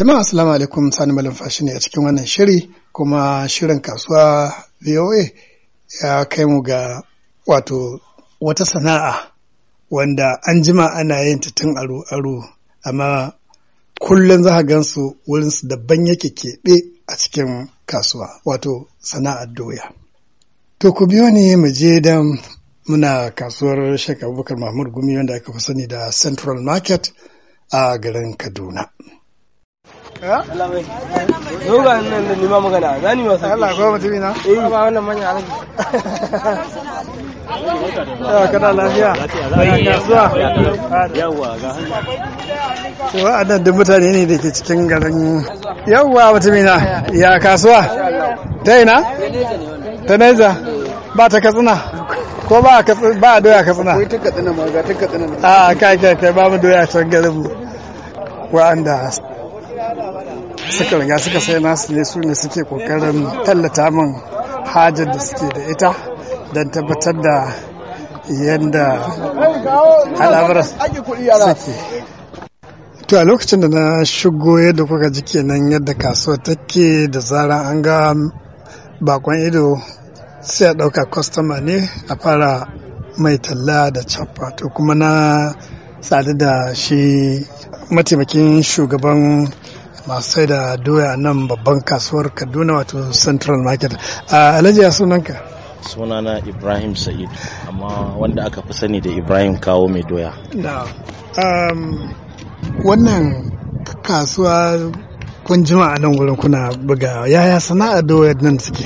Jama'a assalamu alaikum sani Fashi ne a cikin wannan shiri kuma shirin kasuwa VOA ya kai mu ga wato wata sana'a wanda an jima ana yin ta tun aro-aro amma kullum za a gansu wurinsu daban yake keɓe a cikin kasuwa wato sana'ar doya. To ku biyo ne mu je dan muna kasuwar Shekaru bukar Mahmud Gumi wanda aka fi sani da Central Market a garin Kaduna. Yau ga nan nima magana, za ni ba kasuwa. mutane ne da cikin garin. Yawwa mutumi ya kasuwa. Ta ina? Ta Ba ta Katsina. Ko ba a doya Katsina? Ko ta Katsina ma ga ta Katsina. A kai kai kai ba mu doya can garin mu. Wa'anda suka riga suka sai nasu ne su ne suke kokarin tallata min hajar da suke da ita don tabbatar da yadda al'amuran suke to a lokacin da na shigo yadda kuka ji kenan yadda kasuwa take da zara an ga bakon ido sai a ɗauka kwastama ne a fara mai talla da cappa to kuma na sadu da shi mataimakin shugaban masu sai da doya a nan babban kasuwar kaduna wato central market alhaji ya sunanka sunana ibrahim sa'id amma wanda aka fi sani da ibrahim kawo mai doya um, wannan kasuwa kun jima a nan wurin kuna buga yaya sana'ar doya nan suke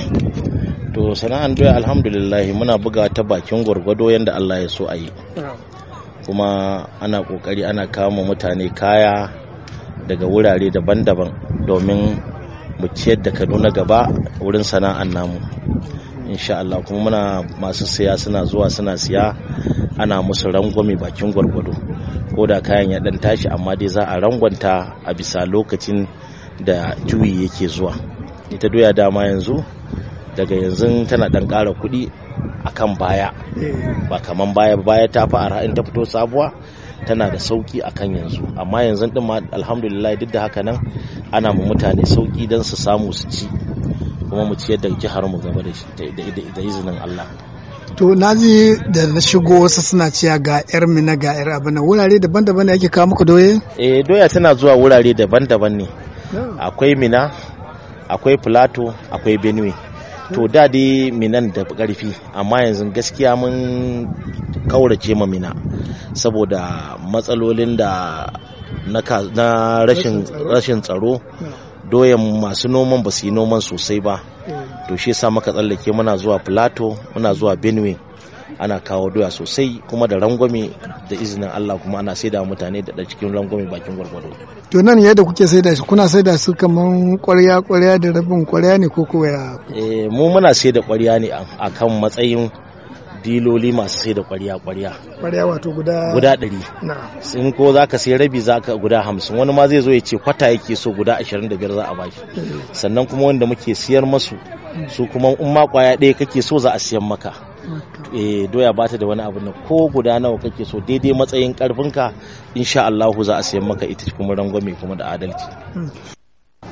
to sana'ar doya alhamdulillah muna buga ta bakin gwargwado yadda allah ya so a yi kuma ana kokari ana kama mutane kaya daga wurare daban-daban domin mu ciyar da kaduna gaba wurin sana'an namu insha Allah kuma muna masu siya suna zuwa suna siya ana musu rangwame bakin gwargwado ko da kayan ya dan tashi amma dai za a rangwanta a bisa lokacin da juyi yake zuwa ita doya dama yanzu daga yanzu tana dan kara kuɗi akan baya eh. ba kaman baya baya ta fi arha in ta fito sabuwa tana da sauki kan yanzu amma yanzu din ma alhamdulillah duk da haka nan ana mu mutane sauki don su samu su ci kuma mu ciyar da jihar mu gaba da izinin Allah to na ji da na shigo wasu suna cewa ga yar mina ga yar abin wurare daban-daban ne ake kawo muku doye eh doya tana zuwa wurare daban-daban ne oh. akwai mina akwai plateau akwai benue to da dai minan da karfi amma yanzu gaskiya mun kaurace ma mina saboda matsalolin da na rashin tsaro doyan masu noman ba su yi noman sosai ba to shi sa muka tsallake muna zuwa plateau muna zuwa benue ana kawo doya sosai kuma da rangwame da izinin Allah kuma ana saida mutane da cikin rangwame bakin gwargwado. To nan yadda kuke saida shi kuna saida su kaman kwarya kwarya da rabin kwarya ne ko kowa ya? Eh, mu muna saida kwarya ne a kan matsayin diloli masu sai da kwarya kwarya kwariya wato guda guda ɗari sun ko za ka sai rabi za ka guda hamsin wani ma zai zo ya ce kwata yake so guda ashirin da biyar za a baki eh. sannan kuma wanda muke siyar masu su kuma in ma kwaya ɗaya kake so za a siyan maka eh, doya ba ta da wani abu ko guda nawa kake so daidai matsayin karfinka insha Allahu za a siyan maka ita kuma rangwame kuma da adalci hmm.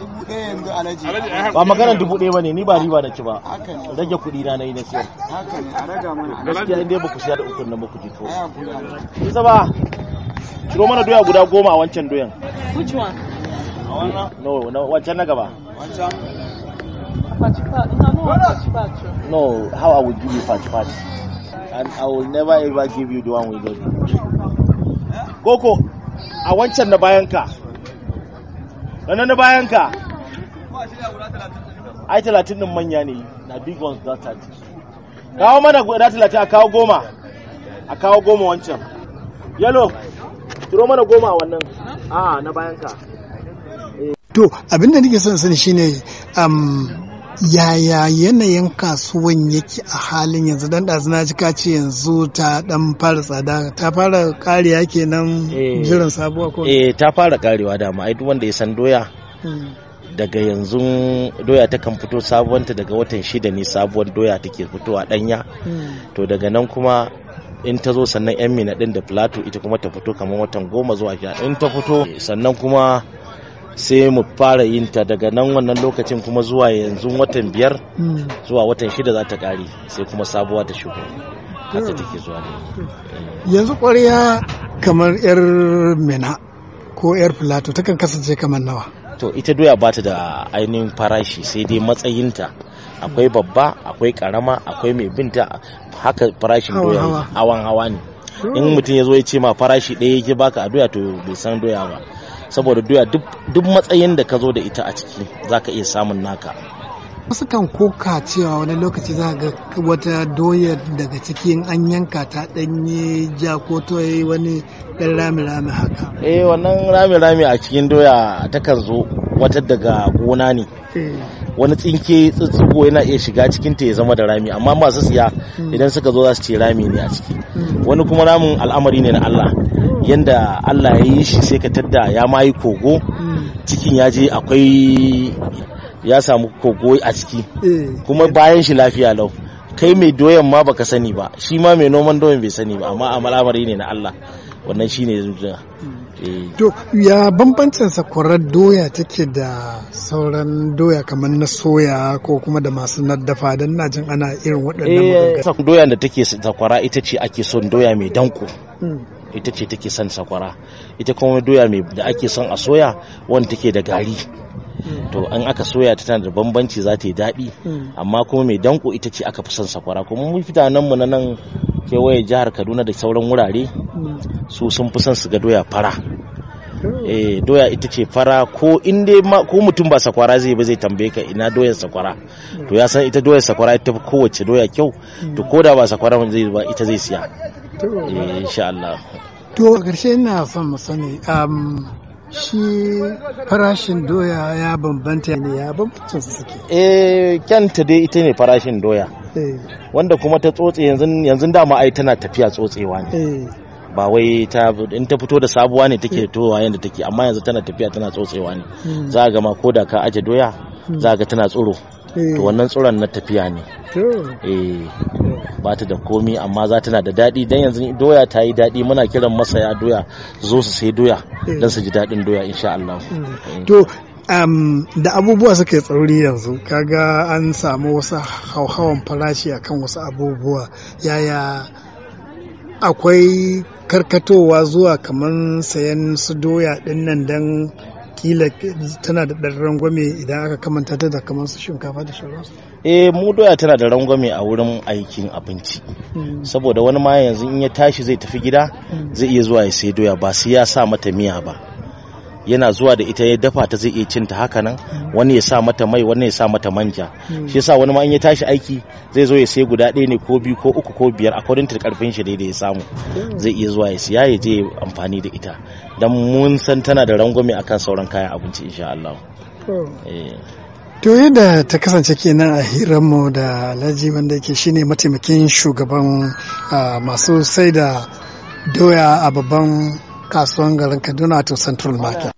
dubu ɗaya yanzu alaji ba maganar dubu ɗaya bane ni ba riba da ki ba rage kuɗi na na yi na siyar haka ne a raga mana gaskiya inda ba ku siya da ukun nan ba ku ji to isa ba ciro mana doya guda goma a wancan doyan which a wannan no na wancan na gaba wancan No, how I will give you fat fat. And I will never ever give you the one we gave you. Eh? Koko, a wancan na bayan ka, wannan na bayan ka ai talatin din manya ne na big ones za ta kawo mana guda talatin a kawo goma a kawo goma wancan yalo turo mana goma wannan a ah, na bayan ka eh. to abinda nake son sani shine um, yaya yanayin kasuwan yake a halin yanzu dan ɗazuna ji ka ce yanzu ta dan fara tsada ta fara kariya kenan eh. jiran sabuwa ko eh ta fara karewa dama ai duk wanda ya san doya hmm. daga yanzu doya ta kan fito sabuwanta daga watan shida ne sabuwar doya take fitowa danya hmm. to daga nan kuma in ta zo sannan yan mina din da plato ita kuma ta fito kamar watan goma zuwa in ta fito sannan kuma sai mu fara yin ta daga nan wannan lokacin kuma zuwa yanzu watan biyar hmm. zuwa watan shida za ta kare sai kuma sabuwa ta shigo haka hmm. take zuwa yanzu ƙwarya kamar yar mena ko yar filato takan kasance kamar nawa to ita doya ba ta da ainihin farashi sai dai matsayinta akwai babba akwai karama akwai mai binta haka farashin doya hawan hawa ne hmm. in mutum ya zo ya ce ma farashi ɗaya yake baka a doya to bai san doya ba saboda doya duk matsayin da ka zo da ita a ciki za ka iya samun naka wasu kan koka cewa wani lokaci za ga wata doya daga cikin an yanka ta danye ja ko toye wani dan rami-rami haka eh wannan rami-rami a cikin doya takan zo wata daga gona ne eh. wani tsinke tsitsiko yana iya shiga cikin ta ya zama da rami amma masu siya mm. idan suka zo za su ce rami ne a ciki mm. wani kuma ramin al'amari ne na Allah mm. yanda Allah ya yi shi sai ka tadda ya mayi kogo cikin ya je akwai ya samu kogo a ciki eh. kuma bayan shi lafiya lau kai mai doyan ma baka sani ba shi ma mai noman doyan bai sani ba amma al'amari ne na Allah wannan shine zuciya Eh. To ya bambancin sakwarar doya take da sauran doya kamar na soya ko kuma da masu dafa don na jin ana irin waɗannan eh, maganganu. Doya da take sakwara ita ce ake son doya mai danko. Hmm. ita ce take son sakwara ita kuma doya mai da ake son a soya wanda take da gari hmm. to an aka soya ta tana da bambanci za ta yi daɗi hmm. amma kuma mai danko ita ce aka fi son sakwara kuma mun fita nan mu na nan kewaye jihar kaduna da sauran wurare mm. su sun fi son su ga doya fara eh doya ita ce fara ko in dai ko mutum ba sakwara zai ba zai tambaye ka ina doyar sakwara mm. to ya san ita doyar sakwara ita kowace doya kyau mm. to ko da ba sakwara zai ba ita zai siya eh insha Allah to karshe ina son mu sani um, shi farashin doya ya bambanta ne ya bambanta suke eh kyanta dai ita ne farashin doya Eh. wanda kuma ta tsotse yanzu dama ai tana tafiya tsotsewa ne eh. ba wai ta in ta fito da sabuwa ne take eh. towa yadda take amma yanzu tana tafiya tana tsotsewa ne hmm. za a gama ko da ka aje doya hmm. za ga tana tsoro to wannan tsoron na tafiya ne ba ta da komi amma za ta na da daɗi don yanzu doya ta yi daɗi muna kiran masaya doya zo su sai doya don su ji daɗin doya insha Allah hmm. to um, da abubuwa suke yi tsauri yanzu kaga an samu wasu hauhawan farashi akan wasu abubuwa yaya akwai karkatowa zuwa kamar sayan su doya dinnan don kila tana da ɗan rangwame idan aka kamanta ta da kamar su shinkafa da sauransu? eh mu doya tana da rangwame a wurin aikin abinci hmm. saboda wani ma yanzu in ya tashi zai tafi gida hmm. zai iya zuwa ya sai doya ba sai ya sa mata miya ba yana zuwa da ita ya dafa ta zai iya cinta haka nan wani ya sa mata mai wani ya sa mata manja hmm. shi yasa wani ma in ya tashi aiki zai zo ya sai guda ɗaya ne ko biyu ko uku ko biyar according to karfin shi da ya samu hmm. zai iya zuwa ya siya ya je amfani da ita dan mun san tana da rangwame akan sauran kayan abinci insha Allah To eh. yadda ta kasance kenan a hiranmu da Alhaji wanda yake shine mataimakin shugaban ah, masu sai da doya a babban kasuwan garin Kaduna to Central Market.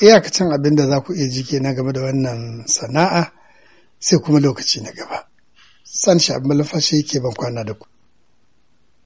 Iyakacin abin da za ku iya jike na game da wannan sana'a sai kuma lokaci na gaba. San shi abin malafashi ke ban kwana da ku.